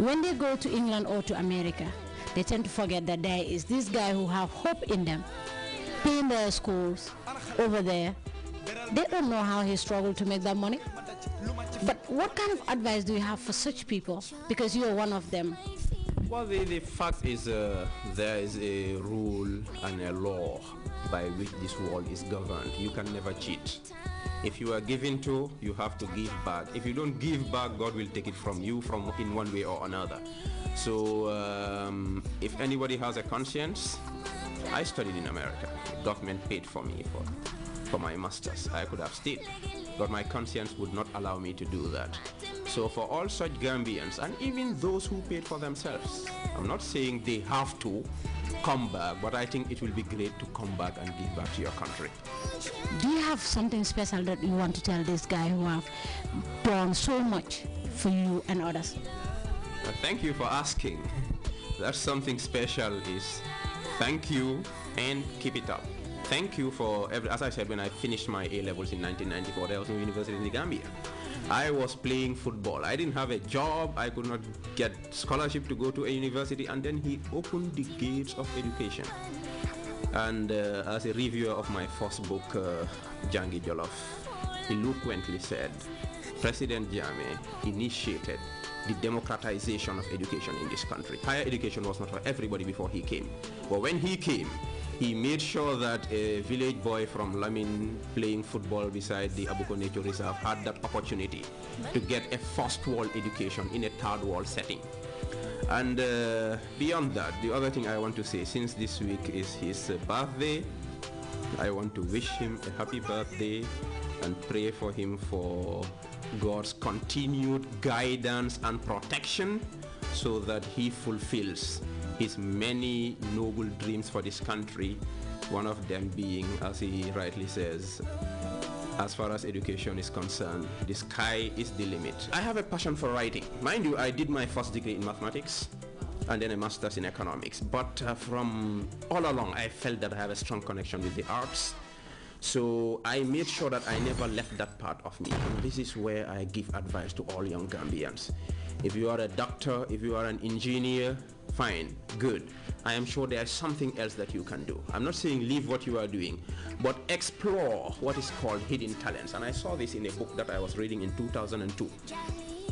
When they go to England or to America, they tend to forget that there is this guy who have hope in them, paying their schools over there. They don't know how he struggled to make that money. But what kind of advice do you have for such people? Because you are one of them. Well, the, the fact is uh, there is a rule and a law by which this world is governed. You can never cheat. If you are given to, you have to give back. If you don't give back, God will take it from you from in one way or another. So um, if anybody has a conscience, I studied in America. Government paid for me for, for my master's. I could have stayed, but my conscience would not allow me to do that. So for all such Gambians, and even those who paid for themselves, I'm not saying they have to, come back, but I think it will be great to come back and give back to your country. Do you have something special that you want to tell this guy who have done so much for you and others? Uh, thank you for asking. That's something special is thank you and keep it up. Thank you for, every, as I said, when I finished my A-levels in 1994, I was in university in the Gambia. I was playing football. I didn't have a job. I could not get scholarship to go to a university. And then he opened the gates of education. And uh, as a reviewer of my first book, uh, Jangi Jolof eloquently said, President Jame initiated the democratization of education in this country. Higher education was not for everybody before he came. But when he came, he made sure that a village boy from Lamin playing football beside the Abuko Nature Reserve had that opportunity to get a first world education in a third world setting. And uh, beyond that, the other thing I want to say, since this week is his uh, birthday, I want to wish him a happy birthday and pray for him for God's continued guidance and protection so that he fulfills his many noble dreams for this country, one of them being, as he rightly says, as far as education is concerned, the sky is the limit. I have a passion for writing. Mind you, I did my first degree in mathematics and then a master's in economics. But uh, from all along, I felt that I have a strong connection with the arts so I made sure that I never left that part of me. And this is where I give advice to all young Gambians. If you are a doctor, if you are an engineer, fine, good. I am sure there is something else that you can do. I'm not saying leave what you are doing, but explore what is called hidden talents. And I saw this in a book that I was reading in 2002,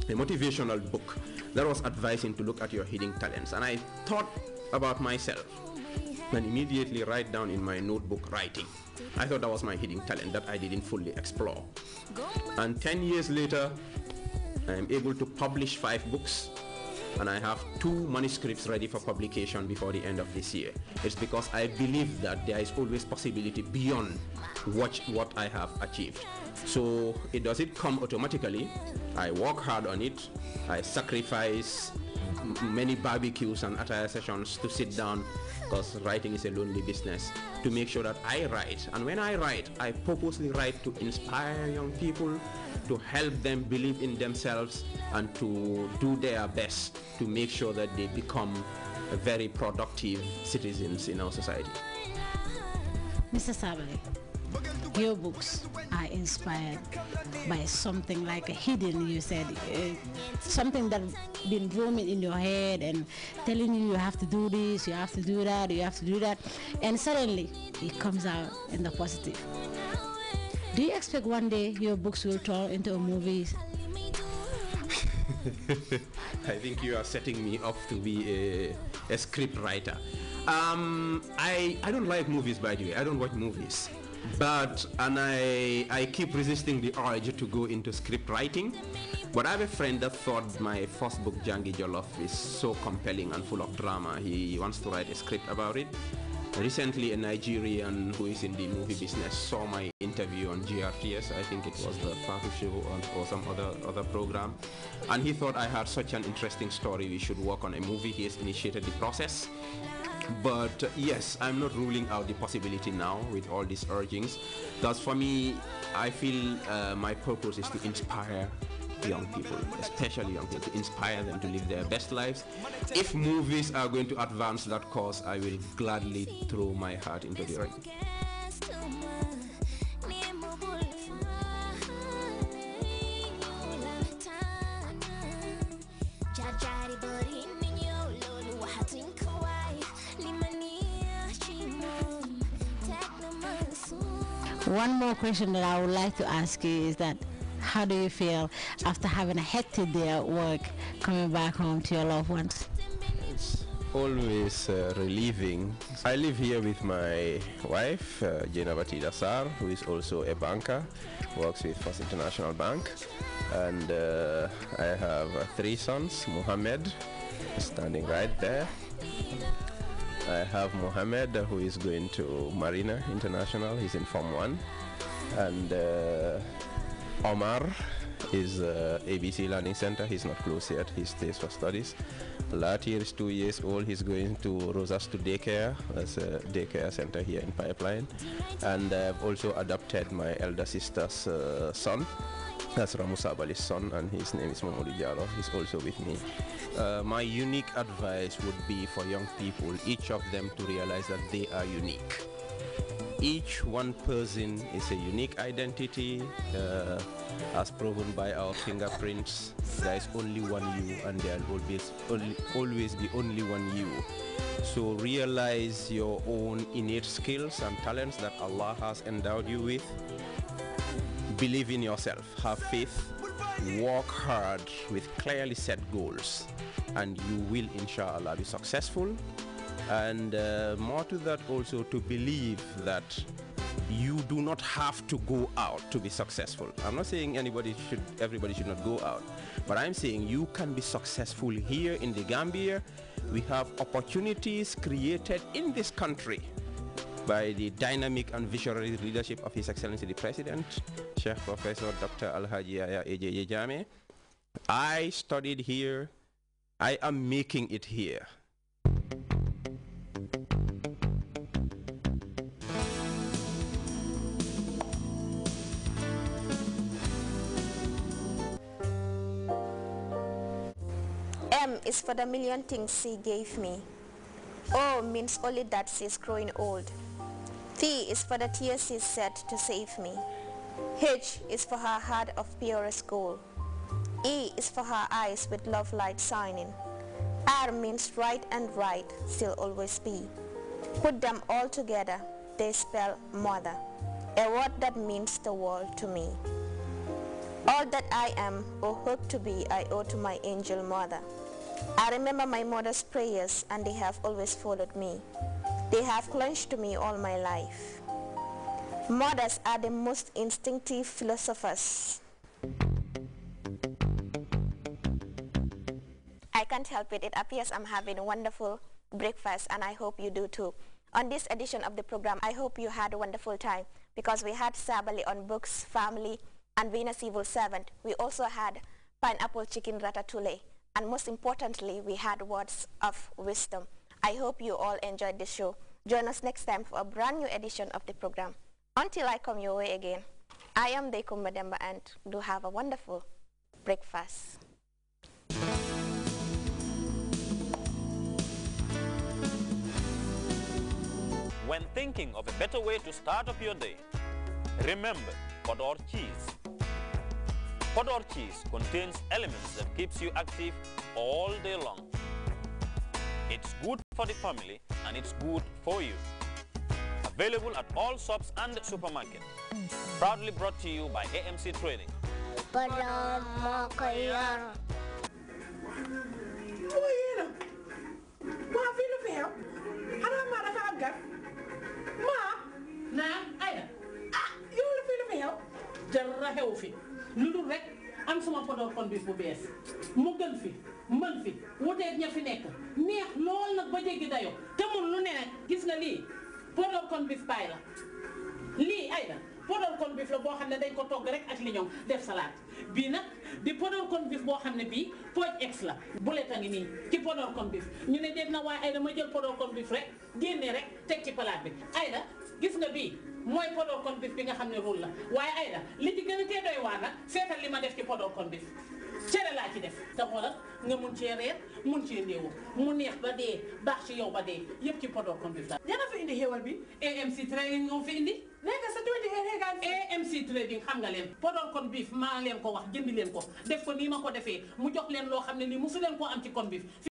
a motivational book that was advising to look at your hidden talents. And I thought about myself and immediately write down in my notebook writing. I thought that was my hidden talent that I didn't fully explore. And 10 years later, I am able to publish five books and I have two manuscripts ready for publication before the end of this year. It's because I believe that there is always possibility beyond what, what I have achieved. So it doesn't come automatically. I work hard on it. I sacrifice many barbecues and attire sessions to sit down because writing is a lonely business to make sure that I write. And when I write, I purposely write to inspire young people, to help them believe in themselves, and to do their best to make sure that they become very productive citizens in our society. Mr. Sabali books are inspired by something like a hidden, you said, uh, something that been roaming in your head and telling you you have to do this, you have to do that, you have to do that, and suddenly it comes out in the positive. Do you expect one day your books will turn into a movie? I think you are setting me up to be a, a script writer. Um, I, I don't like movies, by the way. I don't watch movies. But, and I, I keep resisting the urge to go into script writing. But I have a friend that thought my first book, Jangi Jollof, is so compelling and full of drama. He wants to write a script about it. Recently, a Nigerian who is in the movie business saw my interview on GRTS. I think it was the Faku show or, or, some other other program, and he thought I had such an interesting story. We should work on a movie. He has initiated the process, but uh, yes, I'm not ruling out the possibility now with all these urgings. Thus, for me, I feel uh, my purpose is to inspire young people, especially young people, to inspire them to live their best lives. If movies are going to advance that cause, I will gladly throw my heart into the ring. One more question that I would like to ask you is that how do you feel after having a hectic day at work coming back home to your loved ones? It's always uh, relieving. I live here with my wife, uh, Jenabati Sar, who is also a banker, works with First International Bank. And uh, I have uh, three sons, Mohammed, standing right there. I have Mohamed who is going to Marina International. He's in Form 1. And uh, Omar is uh, ABC Learning Center. He's not close yet. He stays for studies. Latir is two years old. He's going to Rosas to daycare. That's a daycare center here in Pipeline. And I've also adopted my elder sister's uh, son that's Ramusa Abali's son, and his name is Mamoudou Jaro. He's also with me. Uh, my unique advice would be for young people, each of them to realize that they are unique. Each one person is a unique identity, uh, as proven by our fingerprints. There is only one you, and there will always, always be only one you. So realize your own innate skills and talents that Allah has endowed you with believe in yourself, have faith, work hard with clearly set goals, and you will, inshallah, be successful. And uh, more to that, also to believe that you do not have to go out to be successful. I'm not saying anybody should, everybody should not go out, but I'm saying you can be successful here in the Gambia. We have opportunities created in this country by the dynamic and visionary leadership of His Excellency the President, Chief Professor Dr. Alhaji Yaya Ejeje Jame. I studied here. I am making it here. M is for the million things she gave me. O means only that is growing old. T is for the tears he shed to save me. H is for her heart of purest gold. E is for her eyes with love light shining. R means right and right, still always be. Put them all together, they spell mother, a word that means the world to me. All that I am or hope to be I owe to my angel mother. I remember my mother's prayers and they have always followed me. They have clenched me all my life. Mothers are the most instinctive philosophers. I can't help it. It appears I'm having a wonderful breakfast and I hope you do too. On this edition of the program, I hope you had a wonderful time because we had sabali on books, family, and Venus Evil Servant. We also had pineapple chicken ratatouille. And most importantly, we had words of wisdom. I hope you all enjoyed the show. Join us next time for a brand new edition of the program. Until I come your way again, I am Deko Mademba and do have a wonderful breakfast. When thinking of a better way to start up your day, remember Podor cheese. Podor cheese contains elements that keeps you active all day long. It's good for the family and it's good for you. Available at all shops and supermarkets. Proudly brought to you by AMC Trading. dara xew fi lu dul rek am sama podor kon bis bu bees mu gën fi jéggi dayoo te mun lu ne gis nga lii podor kon bif la lii ay la podor kon la boo xam ne dañ ko togg rek ak liñoom def salaat bii nag di podor kon bif boo xam ne bii pooj ex la bulet a ngi nii ci podor kon bif ñu ne déet na waaye ay la ma jël podor kon bif rek génne rek teg ci palaat bi ay la gis nga bii mooy podor kon bi nga xam ne rôle la waaye ay la li ci gën a tee doy waa nag seetal li ma def ci podor kon ci def te xoolal nga mun cee reer mun cee ndéewoo mu neex ba dee baax ci yow ba dee yëpp ci Podor Computer dana fi indi xéewal bi AMC Trading ñoo fi indi léegi sa tuuti AMC Trading xam nga leen Podor Corned Beef maa leen ko wax jëndi leen ko def ko nii ma ko defee mu jox leen loo xam ne nii mosu leen koo am ci corned